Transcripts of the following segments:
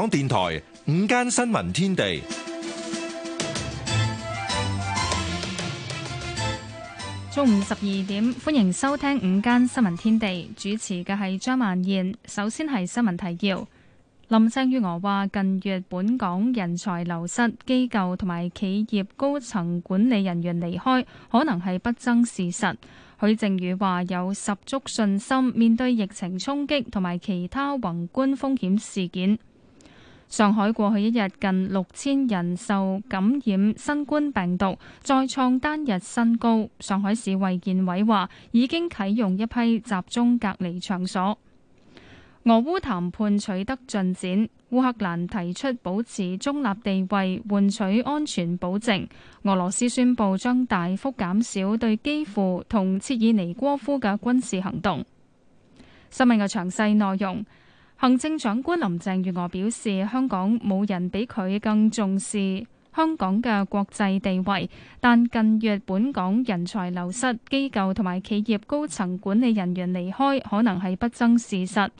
港電台午間新聞天地，中午十二點，歡迎收聽午間新聞天地。主持嘅係張萬燕。首先係新聞提要。林鄭月娥話，近月本港人才流失，機構同埋企業高層管理人員離開，可能係不爭事實。許正宇話，有十足信心面對疫情衝擊同埋其他宏觀風險事件。上海過去一日近六千人受感染新冠病毒，再創單日新高。上海市衛健委話，已經啟用一批集中隔離場所。俄烏談判取得進展，烏克蘭提出保持中立地位，換取安全保證，俄羅斯宣布將大幅減少對基輔同切爾尼戈夫嘅軍事行動。新聞嘅詳細內容。行政長官林鄭月娥表示，香港冇人比佢更重視香港嘅國際地位。但近月本港人才流失、機構同埋企業高層管理人員離開，可能係不爭事實。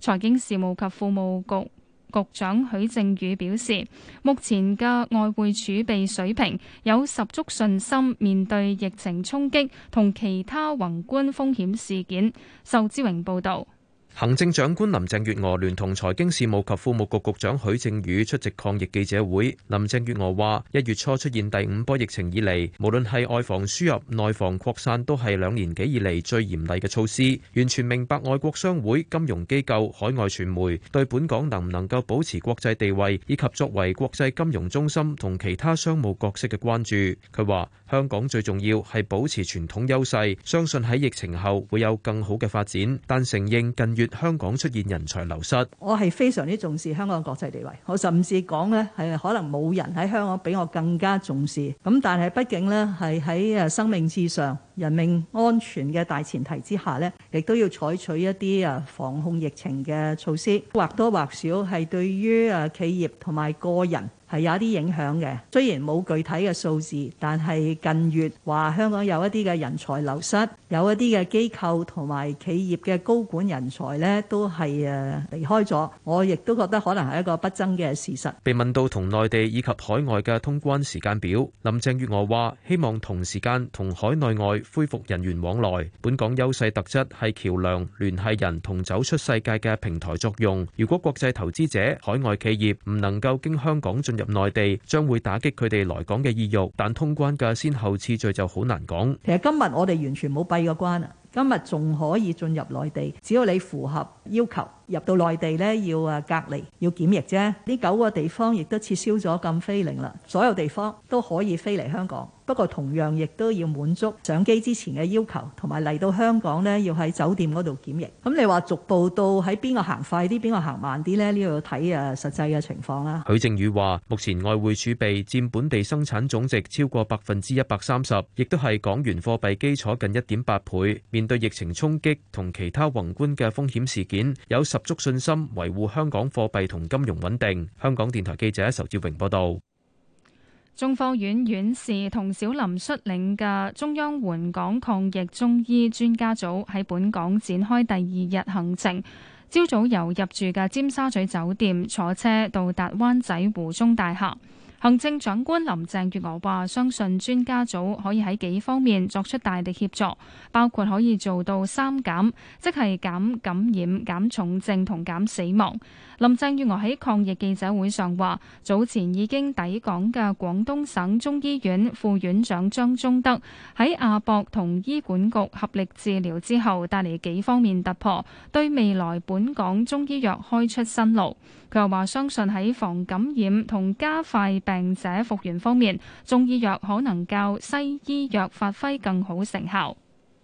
財經事務及庫務局局長許正宇表示，目前嘅外匯儲備水平有十足信心面對疫情衝擊同其他宏觀風險事件。受之榮報導。行政長官林鄭月娥聯同財經事務及庫務局局長許正宇出席抗疫記者會。林鄭月娥話：一月初出現第五波疫情以嚟，無論係外防輸入、內防擴散，都係兩年幾以嚟最嚴厲嘅措施。完全明白外國商會、金融機構、海外傳媒對本港能唔能夠保持國際地位以及作為國際金融中心同其他商務角色嘅關注。佢話：香港最重要，是保持傳統優勢，相信在疫情後會有更好的發展，但承認近月香港出現人才流失。我是非常重視香港的國際地位，我是不是說，是可能沒有人在香港比我更加重視，但是不僅是在生命智商，人命安全的大前提之下，也要採取一些防控疫情的措施，或多或少是對於企業和個人，係有一啲影響嘅，雖然冇具體嘅數字，但係近月話香港有一啲嘅人才流失，有一啲嘅機構同埋企業嘅高管人才呢都係誒離開咗，我亦都覺得可能係一個不爭嘅事實。被問到同內地以及海外嘅通關時間表，林鄭月娥話：希望同時間同海內外恢復人員往來，本港優勢特質係橋樑、聯繫人同走出世界嘅平台作用。如果國際投資者、海外企業唔能夠經香港進，入內地將會打擊佢哋來港嘅意欲，但通關嘅先後次序就好難講。其實今日我哋完全冇閉過關啊！今日仲可以進入內地，只要你符合要求。入到內地呢，要啊隔離，要檢疫啫。呢九個地方亦都撤銷咗禁飛令啦，所有地方都可以飛嚟香港。不過同樣亦都要滿足上機之前嘅要求，同埋嚟到香港呢，要喺酒店嗰度檢疫。咁、嗯、你話逐步到喺邊個行快啲，邊個行慢啲呢？呢度要睇啊實際嘅情況啦。許正宇話：目前外匯儲備佔本地生產總值超過百分之一百三十，亦都係港元貨幣基礎近一點八倍。面對疫情衝擊同其他宏觀嘅風險事件，有十足信心，維護香港貨幣同金融穩定。香港電台記者仇志榮報道，中科院院士同小林率領嘅中央援港抗疫中醫專家組喺本港展開第二日行程。朝早由入住嘅尖沙咀酒店坐車到達灣仔湖中大廈。行政長官林鄭月娥話：相信專家組可以喺幾方面作出大力協助，包括可以做到三減，即係減感染、減重症同減死亡。林鄭月娥喺抗疫記者會上話：早前已經抵港嘅廣東省中醫院副院長張忠德喺亞博同醫管局合力治療之後，帶嚟幾方面突破，對未來本港中醫藥開出新路。佢又話：相信喺防感染同加快病者復原方面，中醫藥可能較西醫藥發揮更好成效。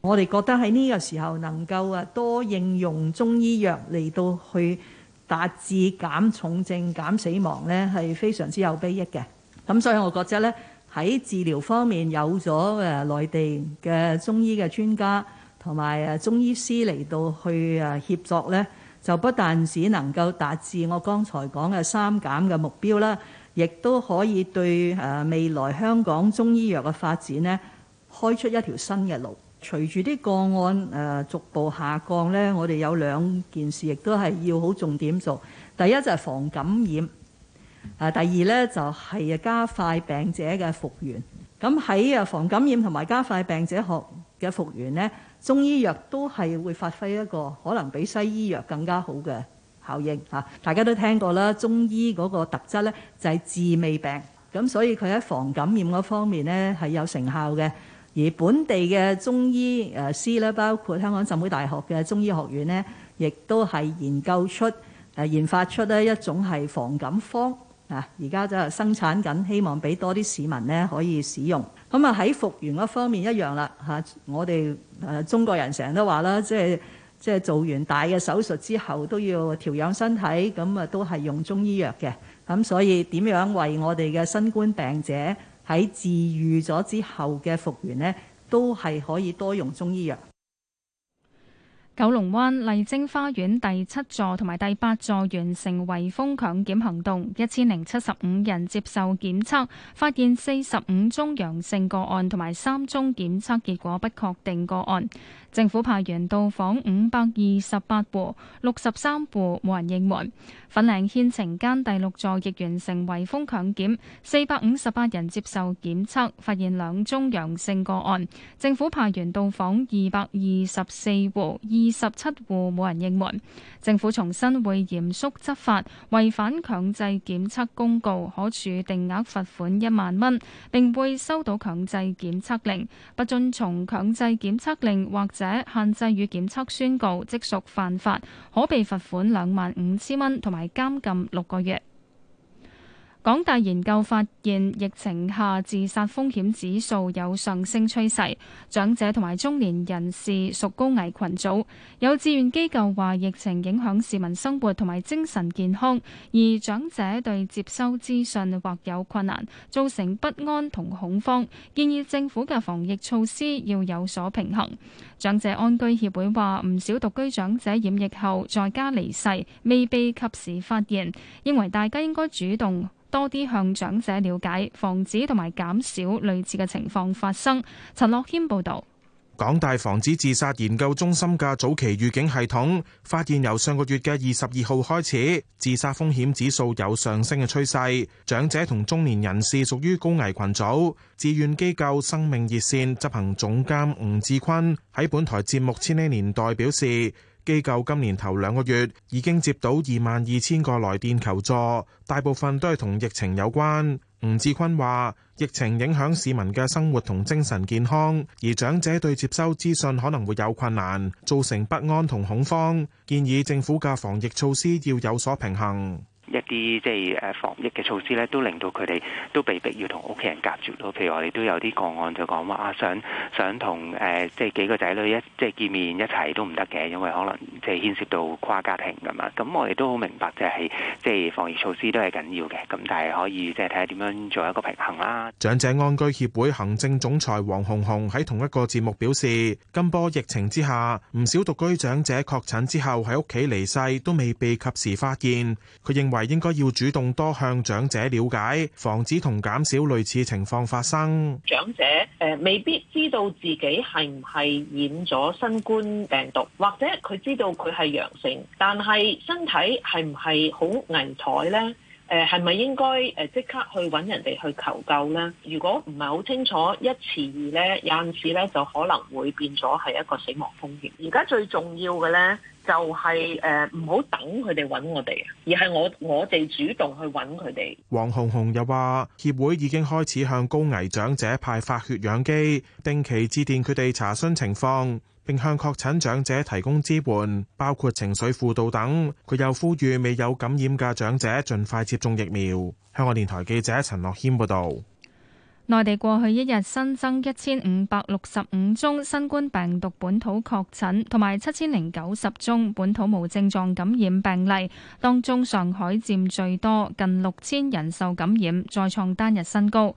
我哋覺得喺呢個時候能夠啊多應用中醫藥嚟到去。達至減重症、減死亡呢，係非常之有裨益嘅。咁所以我覺得呢，喺治療方面有咗誒內地嘅中醫嘅專家同埋誒中醫師嚟到去誒協作呢，就不但只能夠達至我剛才講嘅三減嘅目標啦，亦都可以對誒未來香港中醫藥嘅發展呢，開出一條新嘅路。隨住啲個案誒逐步下降呢，我哋有兩件事亦都係要好重點做。第一就係防感染，誒第二呢就係加快病者嘅復原。咁喺誒防感染同埋加快病者學嘅復原呢，中醫藥都係會發揮一個可能比西醫藥更加好嘅效應嚇。大家都聽過啦，中醫嗰個特質呢就係治未病，咁所以佢喺防感染嗰方面呢係有成效嘅。而本地嘅中醫誒師咧，包括香港浸會大學嘅中醫學院呢亦都係研究出誒、呃、研發出咧一種係防感方啊！而家就生產緊，希望俾多啲市民呢可以使用。咁啊喺復原嗰方面一樣啦嚇、啊，我哋誒、啊、中國人成日都話啦，即係即係做完大嘅手術之後都要調養身體，咁、嗯、啊都係用中醫藥嘅。咁、嗯、所以點樣為我哋嘅新冠病者喺治愈咗之後嘅復原呢，都係可以多用中醫藥。九龍灣麗晶花園第七座同埋第八座完成圍封強檢行動，一千零七十五人接受檢測，發現四十五宗陽性個案同埋三宗檢測結果不確定個案。政府派員到訪五百二十八戶，六十三戶冇人應門。粉嶺牽晴間第六座亦完成圍封強檢，四百五十八人接受檢測，發現兩宗陽性個案。政府派員到訪二百二十四戶，二十七戶冇人應門。政府重申會嚴肅執法，違反強制檢測公告可處定額罰款一萬蚊，並會收到強制檢測令。不遵從強制檢測令或者者限制與檢測宣告，即屬犯法，可被罰款兩萬五千蚊，同埋監禁六個月。港大研究發現，疫情下自殺風險指數有上升趨勢，長者同埋中年人士屬高危群組。有志願機構話，疫情影響市民生活同埋精神健康，而長者對接收資訊或有困難，造成不安同恐慌，建議政府嘅防疫措施要有所平衡。長者安居協會話，唔少獨居長者染疫後在家離世，未被及時發現，認為大家應該主動，多啲向長者了解，防止同埋減少類似嘅情況發生。陳樂軒報導，港大防止自殺研究中心嘅早期預警系統發現，由上個月嘅二十二號開始，自殺風險指數有上升嘅趨勢。長者同中年人士屬於高危群組。志願機構生命熱線執行總監吳志坤喺本台節目《千禧年代》表示。機構今年頭兩個月已經接到二萬二千個來電求助，大部分都係同疫情有關。吳志坤話，疫情影響市民嘅生活同精神健康，而長者對接收資訊可能會有困難，造成不安同恐慌。建議政府嘅防疫措施要有所平衡。一啲即係誒防疫嘅措施咧，都令到佢哋都被逼要同屋企人隔絕咯。譬如我哋都有啲個案就講話，想想同誒即係幾個仔女一即係見面一齊都唔得嘅，因為可能即係牽涉到跨家庭㗎嘛。咁我哋都好明白，即係即係防疫措施都係緊要嘅。咁但係可以即係睇下點樣做一個平衡啦。長者安居協會行政總裁黃紅紅喺同一個節目表示，今波疫情之下，唔少獨居長者確診之後，喺屋企離世，都未被及時發現。佢認為為應該要主動多向長者了解，防止同減少類似情況發生。長者未必知道自己係唔係染咗新冠病毒，或者佢知道佢係陽性，但係身體係唔係好危殆呢？誒，係咪應該誒即刻去揾人哋去求救呢？如果唔係好清楚，一遲二咧，有陣時咧就可能會變咗係一個死亡風險。而家最重要嘅咧就係誒唔好等佢哋揾我哋，而係我我哋主動去揾佢哋。黃紅紅又話，協會已經開始向高危長者派發血氧機，定期致電佢哋查詢情況。並向確診長者提供支援，包括情緒輔導等。佢又呼籲未有感染嘅長者盡快接種疫苗。香港電台記者陳樂軒報導。內地過去一日新增一千五百六十五宗新冠病毒本土確診，同埋七千零九十宗本土無症狀感染病例，當中上海佔最多，近六千人受感染，再創單日新高。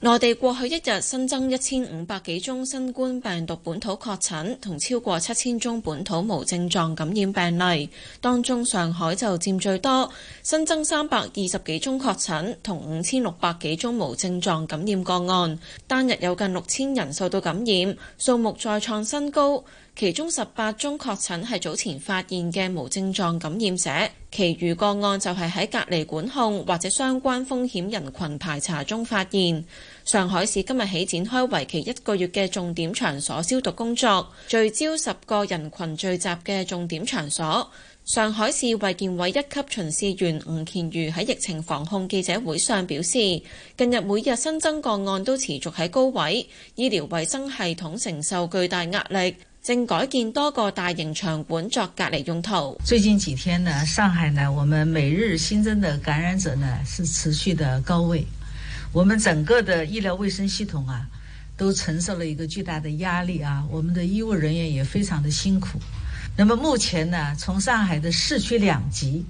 內地過去一日新增一千五百幾宗新冠病毒本土確診，同超過七千宗本土無症狀感染病例。當中上海就佔最多，新增三百二十幾宗確診，同五千六百幾宗無症狀感染個案。單日有近六千人受到感染，數目再創新高。其中十八宗確診係早前發現嘅無症狀感染者，其餘個案就係喺隔離管控或者相關風險人群排查中發現。上海市今日起展開為期一個月嘅重點場所消毒工作，聚焦十個人群聚集嘅重點場所。上海市衛健委一級巡視員吳乾渝喺疫情防控記者會上表示，近日每日新增個案都持續喺高位，醫療衞生系統承受巨大壓力。正改建多個大型場館作隔離用途。最近幾天呢，上海呢，我們每日新增的感染者呢，是持續的高位，我們整個的醫療衛生系統啊，都承受了一個巨大的壓力啊，我們的醫務人員也非常的辛苦。那麼目前呢，從上海的市區兩級，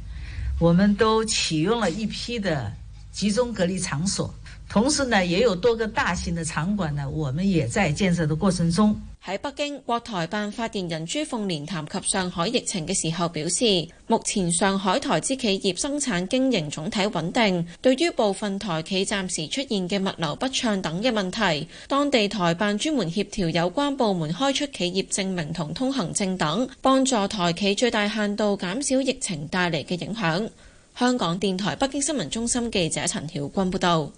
我們都啟用了一批的集中隔離場所，同時呢，也有多個大型的場館呢，我們也在建設的過程中。喺北京，國台辦發言人朱鳳蓮談及上海疫情嘅時候表示，目前上海台資企業生產經營總體穩定。對於部分台企暫時出現嘅物流不暢等嘅問題，當地台辦專門協調有關部門開出企業證明同通行證等，幫助台企最大限度減少疫情帶嚟嘅影響。香港電台北京新聞中心記者陳曉君報道。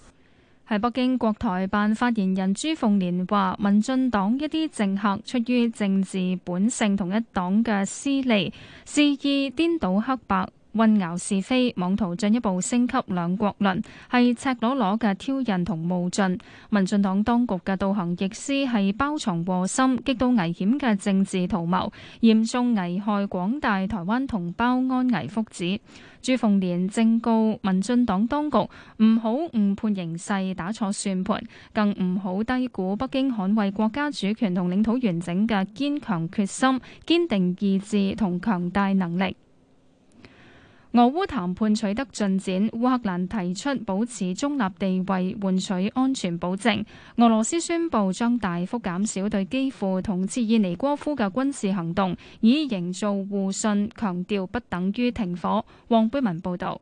喺北京，國台辦發言人朱鳳蓮話：民進黨一啲政客出於政治本性同一黨嘅私利，肆意顛倒黑白。混淆是非，妄圖進一步升級兩國論，係赤裸裸嘅挑釁同冒進。民進黨當局嘅倒行逆施係包藏禍心、極度危險嘅政治圖謀，嚴重危害廣大台灣同胞安危福祉。朱鳳蓮正告民進黨當局唔好誤判形勢、打錯算盤，更唔好低估北京捍衞國家主權同領土完整嘅堅強決心、堅定意志同強大能力。俄烏談判取得進展，烏克蘭提出保持中立地位，換取安全保證。俄羅斯宣布將大幅減少對基輔同切爾尼戈夫嘅軍事行動，以營造互信，強調不等於停火。黃貝文報導。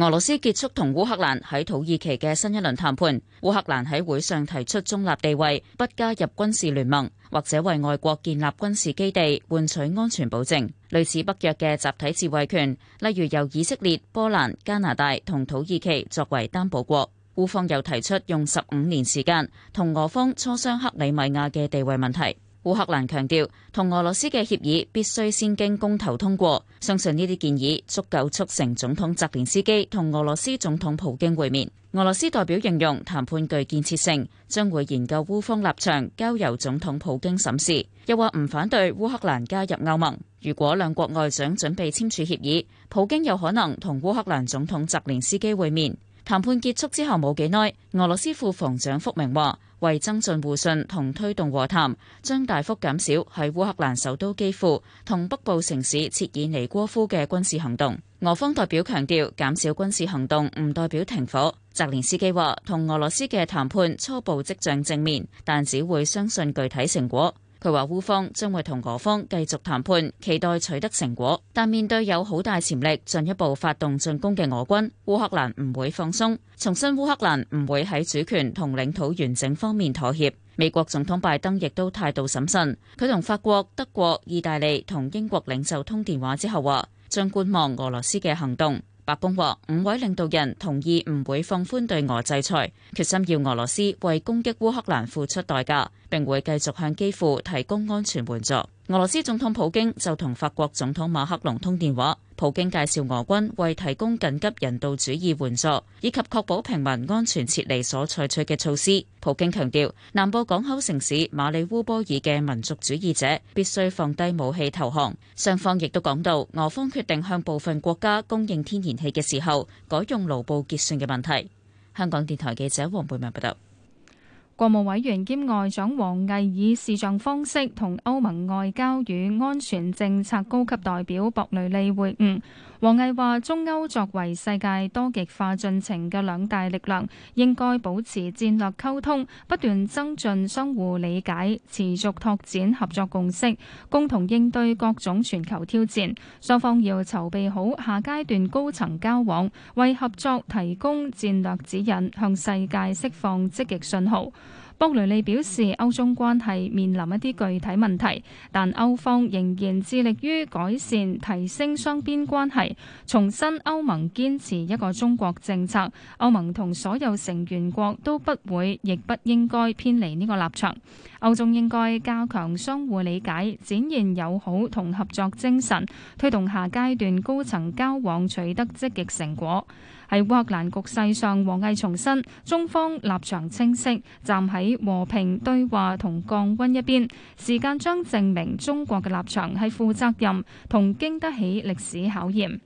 俄羅斯結束同烏克蘭喺土耳其嘅新一輪談判。烏克蘭喺會上提出中立地位，不加入軍事聯盟或者為外國建立軍事基地，換取安全保障，類似北約嘅集體自衛權，例如由以色列、波蘭、加拿大同土耳其作為擔保國。烏方又提出用十五年時間同俄方磋商克里米亞嘅地位問題。烏克蘭強調同俄羅斯嘅協議必須先經公投通過，相信呢啲建議足夠促成總統澤連斯基同俄羅斯總統普京會面。俄羅斯代表形容談判具建設性，將會研究烏方立場，交由總統普京審視。又話唔反對烏克蘭加入歐盟。如果兩國外長準備簽署協議，普京有可能同烏克蘭總統澤連斯基會面。談判結束之後冇幾耐，俄羅斯副防長福明話，為增進互信同推動和談，將大幅減少喺烏克蘭首都基輔同北部城市切爾尼戈夫嘅軍事行動。俄方代表強調，減少軍事行動唔代表停火。澤連斯基話，同俄羅斯嘅談判初步跡象正面，但只會相信具體成果。佢話烏方將會同俄方繼續談判，期待取得成果，但面對有好大潛力進一步發動進攻嘅俄軍，烏克蘭唔會放鬆，重申烏克蘭唔會喺主權同領土完整方面妥協。美國總統拜登亦都態度審慎，佢同法國、德國、意大利同英國領袖通電話之後話，將觀望俄羅斯嘅行動。白宮話，五位領導人同意唔會放寬對俄制裁，決心要俄羅斯為攻擊烏克蘭付出代價，並會繼續向基輔提供安全援助。俄羅斯總統普京就同法國總統馬克龍通電話，普京介紹俄軍為提供緊急人道主義援助以及確保平民安全撤離所採取嘅措施。普京強調，南部港口城市馬里烏波爾嘅民族主義者必須放低武器投降。雙方亦都講到，俄方決定向部分國家供應天然氣嘅時候改用盧布結算嘅問題。香港電台記者黃貝文報道。國務委員兼外長王毅以視像方式同歐盟外交與安全政策高級代表博雷利會晤。王毅話：中歐作為世界多極化進程嘅兩大力量，應該保持戰略溝通，不斷增進相互理解，持續拓展合作共識，共同應對各種全球挑戰。雙方要籌備好下階段高層交往，為合作提供戰略指引，向世界釋放積極信號。博雷利表示，歐中關係面臨一啲具體問題，但歐方仍然致力於改善、提升雙邊關係，重申歐盟堅持一個中國政策。歐盟同所有成員國都不會，亦不應該偏離呢個立場。歐中應該加強相互理解，展現友好同合作精神，推動下階段高層交往取得積極成果。喺烏克蘭局勢上，王毅重申，中方立場清晰，站喺和平對話同降溫一邊，時間將證明中國嘅立場係負責任同經得起歷史考驗。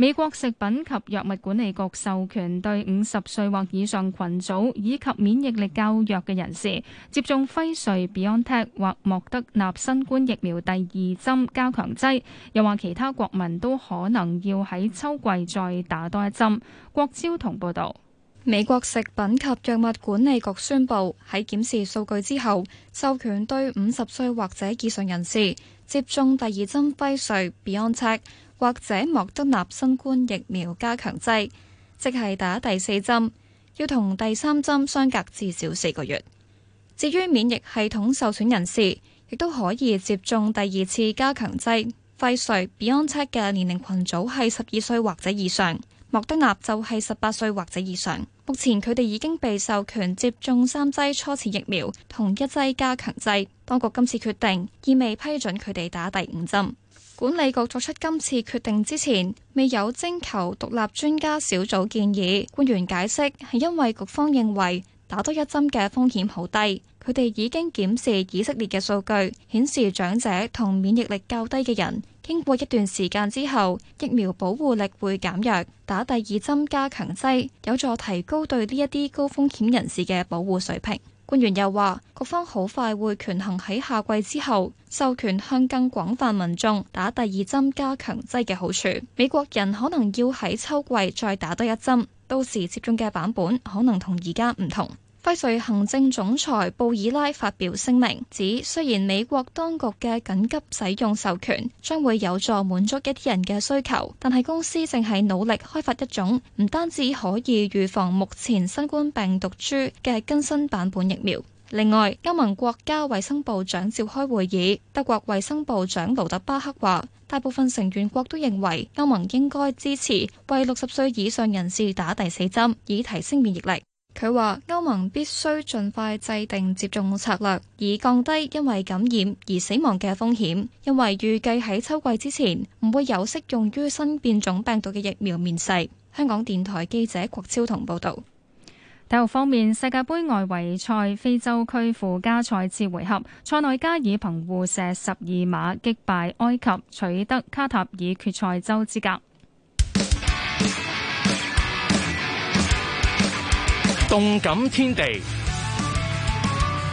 美國食品及藥物管理局授權對五十歲或以上群組以及免疫力較弱嘅人士接種輝瑞 BioNTech 或莫德納新冠疫苗第二針加強劑。又話其他國民都可能要喺秋季再打多一針。郭招彤報導。美國食品及藥物管理局宣布喺檢視數據之後，授權對五十歲或者以上人士接種第二針輝瑞 BioNTech 或者莫德納新冠疫苗加強劑，即係打第四針，要同第三針相隔至少四個月。至於免疫系統受損人士，亦都可以接種第二次加強劑。輝瑞、BioNTech 嘅年齡群組係十二歲或者以上，莫德納就係十八歲或者以上。目前佢哋已經被授權接種三劑初次疫苗同一劑加強劑，當局今次決定意味批准佢哋打第五針。管理局作出今次決定之前，未有徵求獨立專家小組建議，官員解釋係因為局方認為打多一針嘅風險好低，佢哋已經檢視以色列嘅數據，顯示長者同免疫力較低嘅人經過一段時間之後，疫苗保護力會減弱，打第二針加強劑有助提高對呢一啲高風險人士嘅保護水平。官員又話，局方好快會權衡喺夏季之後，授權向更廣泛民眾打第二針加強劑嘅好處。美國人可能要喺秋季再打多一針，到時接種嘅版本可能同而家唔同。輝瑞行政總裁布爾拉發表聲明指，雖然美國當局嘅緊急使用授權將會有助滿足一啲人嘅需求，但係公司正喺努力開發一種唔單止可以預防目前新冠病毒株嘅更新版本疫苗。另外，歐盟國家衛生部長召開會議，德國衛生部長盧德巴克話，大部分成員國都認為歐盟應該支持為六十歲以上人士打第四針，以提升免疫力。佢話歐盟必須盡快制定接種策略，以降低因為感染而死亡嘅風險。因為預計喺秋季之前，唔會有適用於新變種病毒嘅疫苗面世。香港電台記者郭超同報道。體育方面，世界杯外圍賽非洲區附加賽次回合，塞內加爾憑互射十二碼擊敗埃及，取得卡塔爾決賽周資格。動感天地。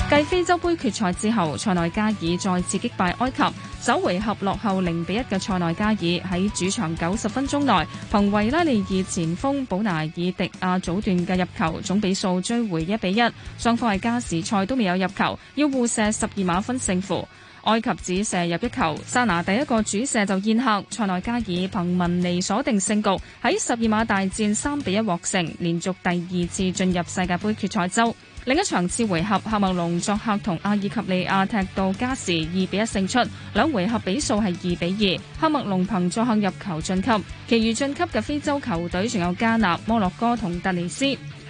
繼非洲杯決賽之後，塞內加爾再次擊敗埃及。首回合落後零比一嘅塞內加爾喺主場九十分鐘內，憑維拉利爾前鋒保拿爾迪亞早段嘅入球，總比數追回一比一。雙方係加時賽都未有入球，要互射十二碼分勝負。埃及只射入一球，沙拿第一個主射就宴客，塞內加爾憑文尼鎖定勝局，喺十二碼大戰三比一獲勝，連續第二次進入世界盃決賽周。另一場次回合，喀麥隆作客同阿爾及利亞踢到加時二比一勝出，兩回合比數係二比二，喀麥隆憑作客入球晉級，其餘晉級嘅非洲球隊仲有加納、摩洛哥同特尼斯。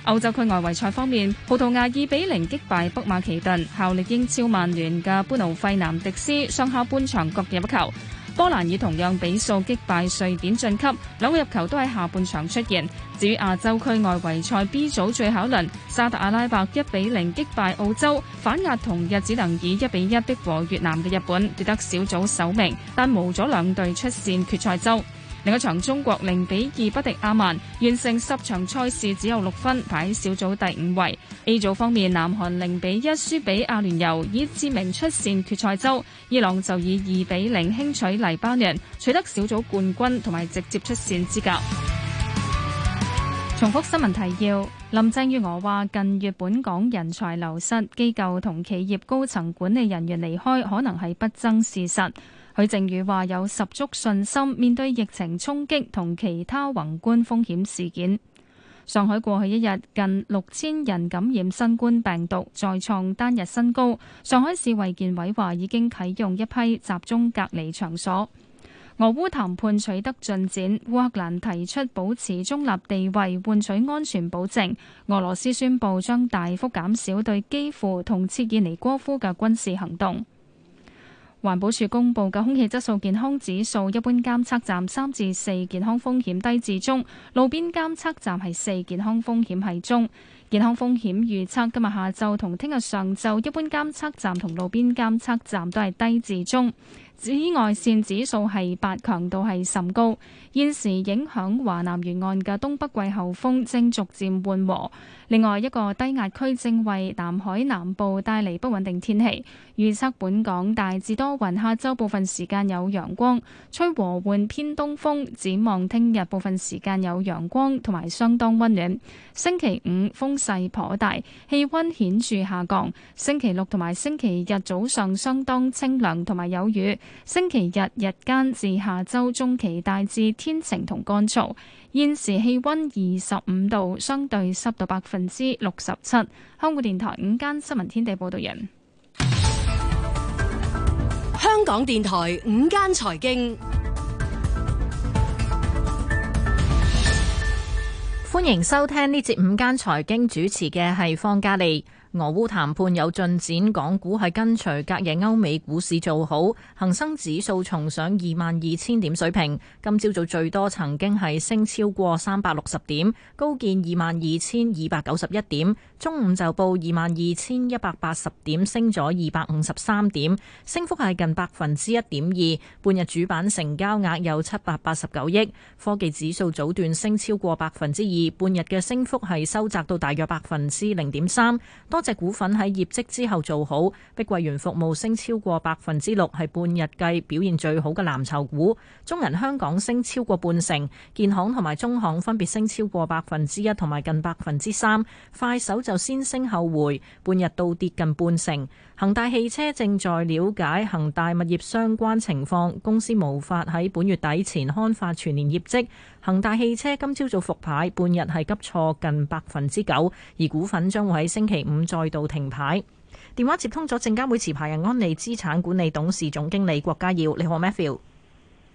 歐洲區外圍賽方面，葡萄牙2比零擊敗北馬其頓，效力英超曼聯嘅般奴費南迪斯上下半場各入一球。波蘭以同樣比數擊敗瑞典晉級，兩個入球都喺下半場出現。至於亞洲區外圍賽 B 組最後一輪，沙特阿拉伯1比零擊敗澳洲，反壓同樣只能以一比一逼和越南嘅日本，奪得小組首名，但無咗兩隊出線決賽周。另一場中國零比二不敵阿曼，完成十場賽事只有六分，排喺小組第五位。A 組方面，南韓零比一輸俾阿聯酋，以次名出線決賽周。伊朗就以二比零輕取黎巴嫩，取得小組冠軍同埋直接出線資格。重複新聞提要：林鄭月娥話，近月本港人才流失、機構同企業高層管理人員離開，可能係不爭事實。許正宇話有十足信心面對疫情衝擊同其他宏觀風險事件。上海過去一日近六千人感染新冠病毒，再創單日新高。上海市衛健委話已經啟用一批集中隔離場所。俄烏談判取得進展，烏克蘭提出保持中立地位，換取安全保證。俄羅斯宣布將大幅減少對基輔同切爾尼戈夫嘅軍事行動。環保署公布嘅空氣質素健康指數，一般監測站三至四，健康風險低至中，路邊監測站係四，健康風險係中。健康風險預測今日下晝同聽日上晝，一般監測站同路邊監測站都係低至中。紫外線指數係八，強度係甚高。現時影響華南沿岸嘅東北季候風正逐漸緩和，另外一個低壓區正為南海南部帶嚟不穩定天氣。預測本港大致多雲，下晝部分時間有陽光，吹和緩偏東風。展望聽日部分時間有陽光同埋相當温暖。星期五風勢頗大，氣温顯著下降。星期六同埋星期日早上相當清涼同埋有雨。星期日日間至下周中期大致天晴同乾燥。現時氣温二十五度，相對濕度百分之六十七。香港電台午間新聞天地報道人，香港電台午間財經，歡迎收聽呢節午間財經，主持嘅係方嘉莉。俄烏談判有進展，港股係跟隨隔夜歐美股市做好，恒生指數重上二萬二千點水平。今朝早最多曾經係升超過三百六十點，高見二萬二千二百九十一點。中午就報二萬二千一百八十點，升咗二百五十三點，升幅係近百分之一點二。半日主板成交額有七百八十九億。科技指數早段升超過百分之二，半日嘅升幅係收窄到大約百分之零點三。多隻股份喺業績之後做好，碧桂園服務升超過百分之六，係半日計表現最好嘅藍籌股。中銀香港升超過半成，建行同埋中行分別升超過百分之一同埋近百分之三。快手就先升後回，半日倒跌近半成。恒大汽車正在了解恒大物業相關情況，公司無法喺本月底前刊發全年業績。恒大汽車今朝早復牌，半日係急挫近百分之九，而股份將會喺星期五再度停牌。電話接通咗證監會持牌人安利資產管理董事總經理郭家耀，你好 Matthew。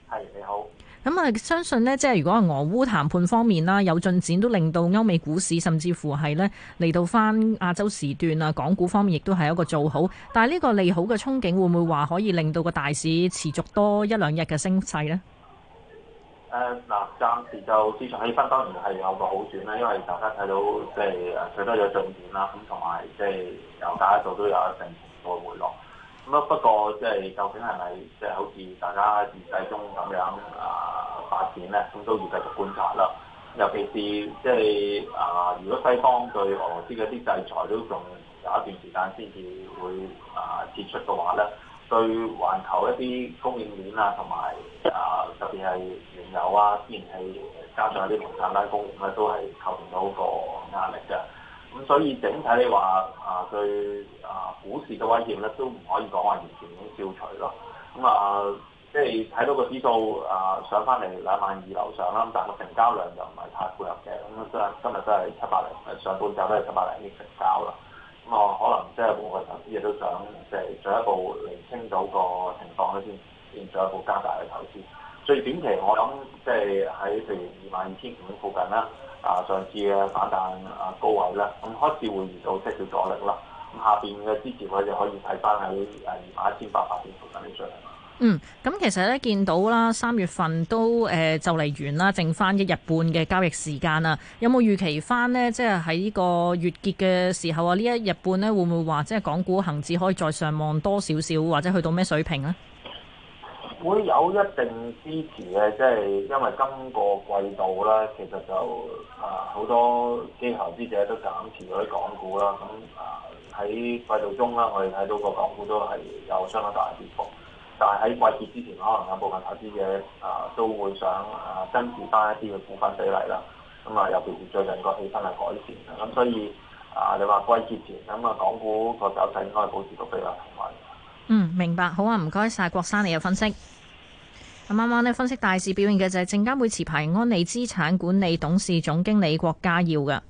係，你好。咁啊、嗯，相信呢，即係如果係俄烏談判方面啦有進展，都令到歐美股市甚至乎係呢嚟，到翻亞洲時段啊，港股方面亦都係一個做好。但係呢個利好嘅憧憬會唔會話可以令到個大市持續多一兩日嘅升勢呢？誒嗱，暫、呃、時就市場氣氛當然係有個好轉啦，因為大家睇到即係誒取得咗進展啦，咁同埋即係油價一度都有一定程度嘅回落。咁啊不過即係、就是、究竟係咪即係好似大家預計中咁樣啊發展咧，咁都要繼續觀察啦。尤其是即係、就是、啊，如果西方對俄羅斯嘅啲制裁都仲有一段時間先至會啊撤出嘅話咧，對環球一啲供應鏈啊，同埋啊特別係原油啊、天然氣，加上一啲農產品供應咧，都係構成咗個壓力嘅。咁、嗯、所以整體你話啊，對啊、呃、股市嘅威脅咧，都唔可以講話完全已經消除咯。咁、嗯、啊、呃，即係睇到個指數啊、呃、上翻嚟兩萬二樓上啦，但係個成交量就唔係太配合嘅。咁、嗯、今日今日都係七百零，上係最都係七百零億成交啦。哦，可能即係部分投資者都想即係進一步釐清到個情況先，然再一步加大嘅投資。最短期我諗即係喺譬如二萬二千點附近啦，啊上次嘅反彈啊高位啦，咁、嗯、開始會遇到即係阻力啦。咁、嗯、下邊嘅支持位就可以睇翻喺誒二萬一千八百點附近上嚟。嗯，咁其實咧見到啦，三月份都誒、呃、就嚟完啦，剩翻一日半嘅交易時間啦。有冇預期翻呢？即係喺呢個月結嘅時候啊，呢一日半呢，會唔會話即係港股恆指可以再上望多少少，或者去到咩水平呢？會有一定支持嘅，即係因為今個季度咧，其實就啊好多機構投資者都減持咗啲港股啦。咁啊喺季度中啦，我哋睇到個港股都係有相當大嘅跌幅。但係喺季節之前，可能有部分投資者啊都會想啊增持翻一啲嘅股份比例啦。咁啊，尤其是最近個氣氛係改善啊，咁所以啊，你話季節前咁啊，港股個走勢應該係保持得比較平穩。嗯，明白。好啊，唔該晒，郭生你嘅分析。咁啱啱呢分析大市表現嘅就係證監會持牌安利資產管理董事總經理郭家耀嘅。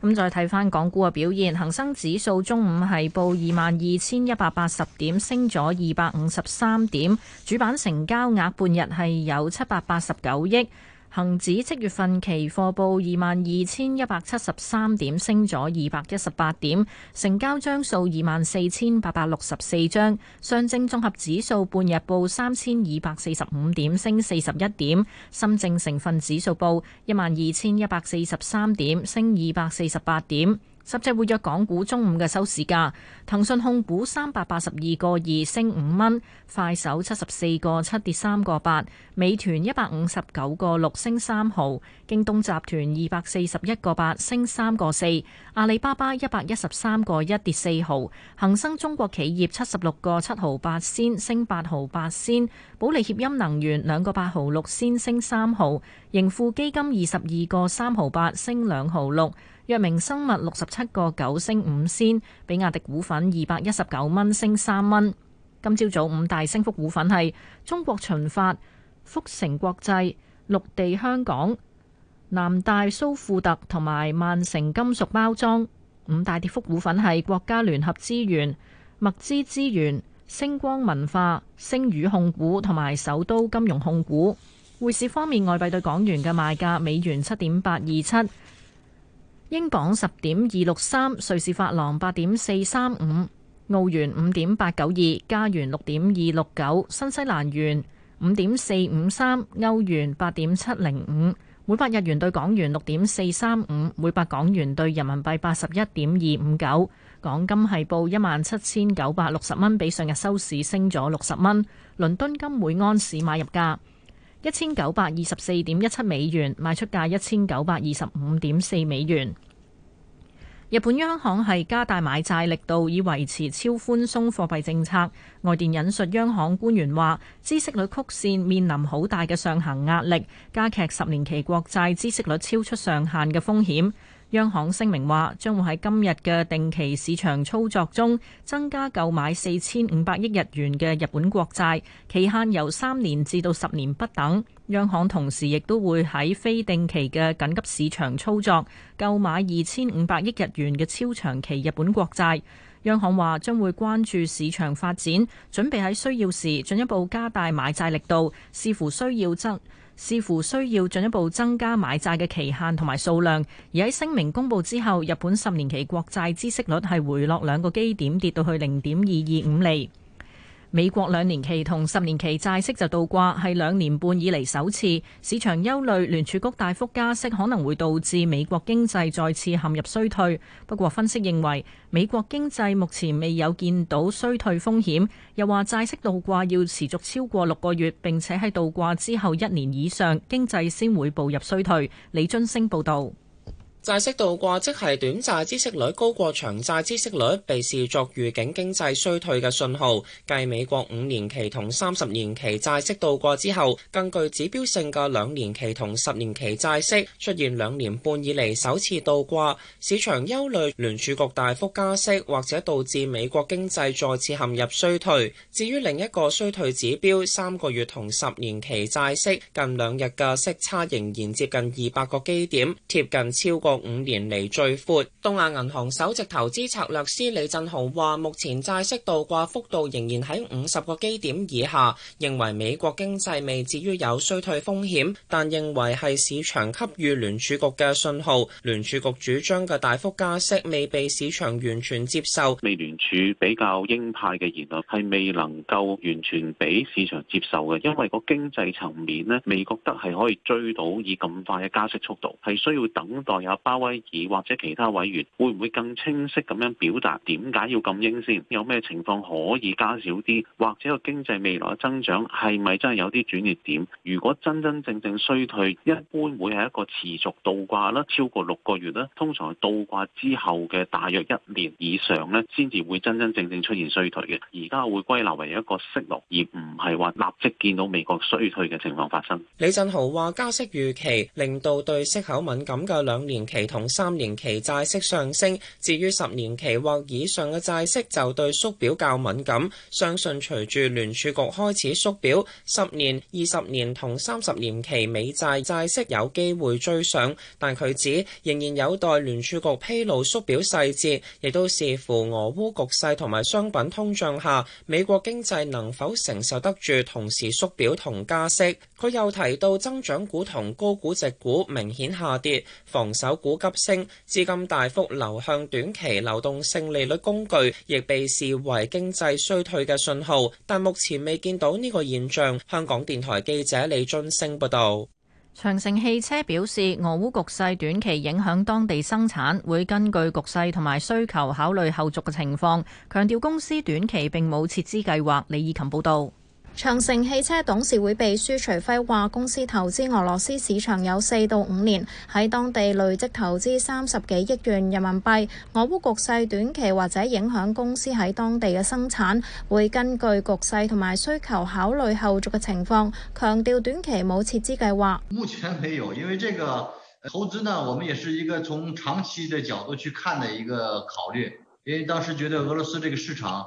咁再睇翻港股嘅表現，恒生指數中午係報二萬二千一百八十點，升咗二百五十三點，主板成交額半日係有七百八十九億。恒指即月份期貨報二萬二千一百七十三點，升咗二百一十八點，成交張數二萬四千八百六十四張。上證綜合指數半日報三千二百四十五點，升四十一點。深證成分指數報一萬二千一百四十三點，升二百四十八點。十隻活躍港股中午嘅收市價：騰訊控股三百八十二個二升五蚊，快手七十四個七跌三個八，美團一百五十九個六升三毫，京東集團二百四十一個八升三個四，阿里巴巴一百一十三個一跌四毫，恒生中國企業七十六個七毫八仙升八毫八仙，保利協鑫能源兩個八毫六仙升三毫，盈富基金二十二個三毫八升兩毫六。藥明生物六十七個九升五仙，比亞迪股份二百一十九蚊升三蚊。今朝早，早五大升幅股份係中國秦發、福城國際、綠地香港、南大蘇富特同埋萬城金屬包裝。五大跌幅股份係國家聯合資源、麥資資源、星光文化、星宇控股同埋首都金融控股。匯市方面，外幣對港元嘅賣價，美元七點八二七。英鎊十點二六三，瑞士法郎八點四三五，澳元五點八九二，加元六點二六九，新西蘭元五點四五三，歐元八點七零五，每百日元對港元六點四三五，每百港元對人民幣八十一點二五九。港金係報一萬七千九百六十蚊，比上日收市升咗六十蚊。倫敦金每安士買入價。一千九百二十四點一七美元，賣出價一千九百二十五點四美元。日本央行係加大買債力度，以維持超寬鬆貨幣政策。外電引述央行官員話，孳息率曲線面臨好大嘅上行壓力，加劇十年期國債孳息率超出上限嘅風險。央行聲明話，將會喺今日嘅定期市場操作中增加購買四千五百億日元嘅日本國債，期限由三年至到十年不等。央行同時亦都會喺非定期嘅緊急市場操作購買二千五百億日元嘅超長期日本國債。央行話將會關注市場發展，準備喺需要時進一步加大買債力度，視乎需要則。視乎需要進一步增加買債嘅期限同埋數量，而喺聲明公佈之後，日本十年期國債孳息率係回落兩個基點，跌到去零點二二五厘。美國兩年期同十年期債息就倒掛，係兩年半以嚟首次。市場憂慮聯儲局大幅加息可能會導致美國經濟再次陷入衰退。不過，分析認為美國經濟目前未有見到衰退風險，又話債息倒掛要持續超過六個月，並且喺倒掛之後一年以上經濟先會步入衰退。李津升報導。債息倒掛即係短債孳息率高過長債孳息率，被視作預警經濟衰退嘅信號。繼美國五年期同三十年期債息倒掛之後，更具指標性嘅兩年期同十年期債息出現兩年半以嚟首次倒掛，市場憂慮聯儲局大幅加息或者導致美國經濟再次陷入衰退。至於另一個衰退指標，三個月同十年期債息近兩日嘅息差仍然接近二百個基點，貼近超過。五年嚟最闊，東亞銀行首席投資策略師李振雄話：目前債息倒掛幅度仍然喺五十個基點以下，認為美國經濟未至於有衰退風險，但認為係市場給予聯儲局嘅信號，聯儲局主張嘅大幅加息未被市場完全接受。美聯儲比較鷹派嘅言論係未能夠完全俾市場接受嘅，因為個經濟層面呢，未覺得係可以追到以咁快嘅加息速度，係需要等待下。鮑威爾或者其他委員會唔會更清晰咁樣表達點解要咁英先？有咩情況可以加少啲？或者個經濟未來嘅增長係咪真係有啲轉捩點？如果真真正正衰退，一般會係一個持續倒掛啦，超過六個月啦。通常倒掛之後嘅大約一年以上咧，先至會真真正正出現衰退嘅。而家會歸納為一個息落，而唔係話立即見到美國衰退嘅情況發生。李振豪話：加息預期令到對息口敏感嘅兩年期同三年期債息上升，至於十年期或以上嘅債息就對縮表較敏感。相信隨住聯儲局開始縮表，十年、二十年同三十年期美債債息有機會追上。但佢指仍然有待聯儲局披露縮表細節，亦都視乎俄烏局勢同埋商品通脹下美國經濟能否承受得住同時縮表同加息。佢又提到增長股同高估值股明顯下跌，防守股急升，資金大幅流向短期流動性利率工具，亦被視為經濟衰退嘅信號，但目前未見到呢個現象。香港電台記者李津升報道。長城汽車表示，俄烏局勢短期影響當地生產，會根據局勢同埋需求考慮後續嘅情況，強調公司短期並冇撤資計劃。李以琴報道。長城汽車董事會秘書徐輝話：公司投資俄羅斯市場有四到五年，喺當地累積投資三十幾億元人民幣。俄烏局勢短期或者影響公司喺當地嘅生產，會根據局勢同埋需求考慮後續嘅情況。強調短期冇撤資計劃。目前沒有，因為這個投資呢，我們也是一個從長期的角度去看的一個考慮。因為當時覺得俄羅斯這個市場。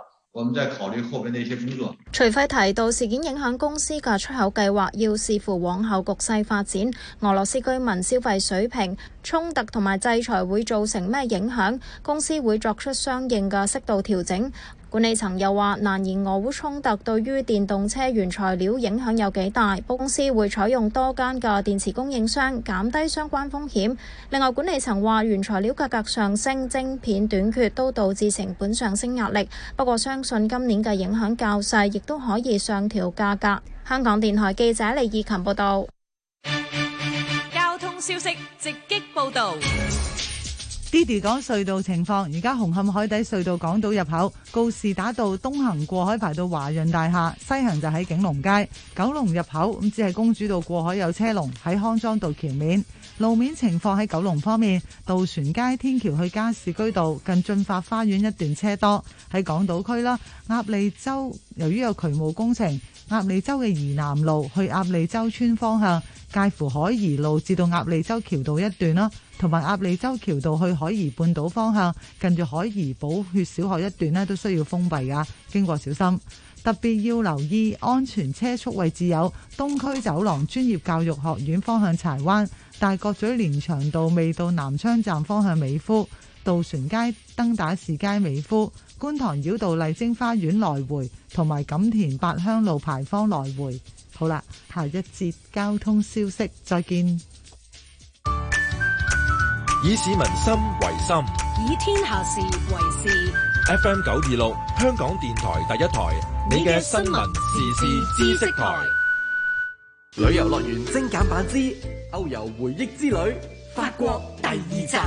我們再考慮後面的一些工作。除非提到事件影響公司嘅出口計劃，要視乎往後局勢發展、俄羅斯居民消費水平、衝突同埋制裁會造成咩影響，公司會作出相應嘅適度調整。管理層又話，難言俄烏衝突對於電動車原材料影響有幾大，公司會採用多間嘅電池供應商，減低相關風險。另外，管理層話原材料價格上升、晶片、短缺都導致成本上升壓力。不過，相信今年嘅影響較細，亦都可以上調價格。香港電台記者李義勤報道。交通消息直擊，直擊報道。Didi 講隧道情況，而家紅磡海底隧道港島入口告士打道東行過海排到華潤大廈，西行就喺景隆街。九龍入口咁，只係公主道過海有車龍，喺康莊道橋面。路面情況喺九龍方面，渡船街天橋去加士居道近駿發花園一段車多；喺港島區啦，鴨脷洲由於有渠務工程，鴨脷洲嘅怡南路去鴨脷洲村方向介乎海怡路至到鴨脷洲橋道一段啦，同埋鴨脷洲橋道去海怡半島方向近住海怡寶血小學一段呢都需要封閉噶，經過小心。特別要留意安全車速位置有東區走廊、專業教育學院方向柴灣。大角咀連翔道未到南昌站方向美孚，渡船街、登打士街美孚，觀塘繞道麗晶花園來回，同埋錦田八鄉路牌坊來回。好啦，下一節交通消息，再見。以市民心為心，以天下事為事。F M 九二六，香港電台第一台，你嘅新聞時事知識台，旅遊樂園精簡版之。歐遊回憶之旅，法國，第二集。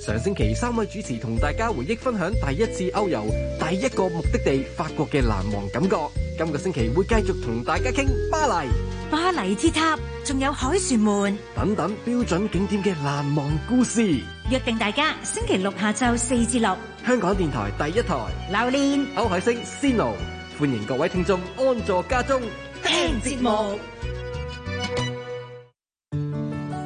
上星期三位主持同大家回憶分享第一次歐遊，第一個目的地法國嘅難忘感覺。今個星期會繼續同大家傾巴黎、巴黎鐵塔，仲有凱旋門等等標準景點嘅難忘故事。約定大家星期六下晝四至六，香港電台第一台留念。歐海星 Cino 歡迎各位聽眾安坐家中聽節目。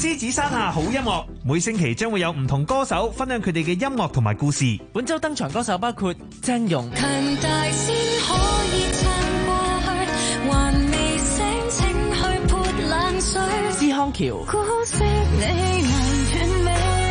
獅子山下好音樂，每星期將會有唔同歌手分享佢哋嘅音樂同埋故事。本周登場歌手包括鄭融、施康橋。